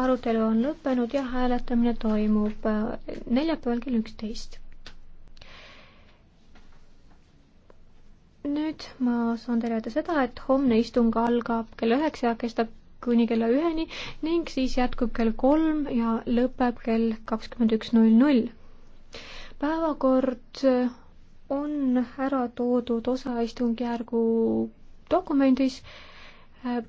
arutelu on lõppenud ja hääletamine toimub äh, neljapäeval kell üksteist. nüüd ma saan teile öelda seda, et homne istung algab kell üheksa ja kestab kuni kella üheni ning siis jätkub kell kolm ja lõpeb kell kakskümmend üks null null. päevakord äh, on ära toodud osa istungjärgu dokumendis äh,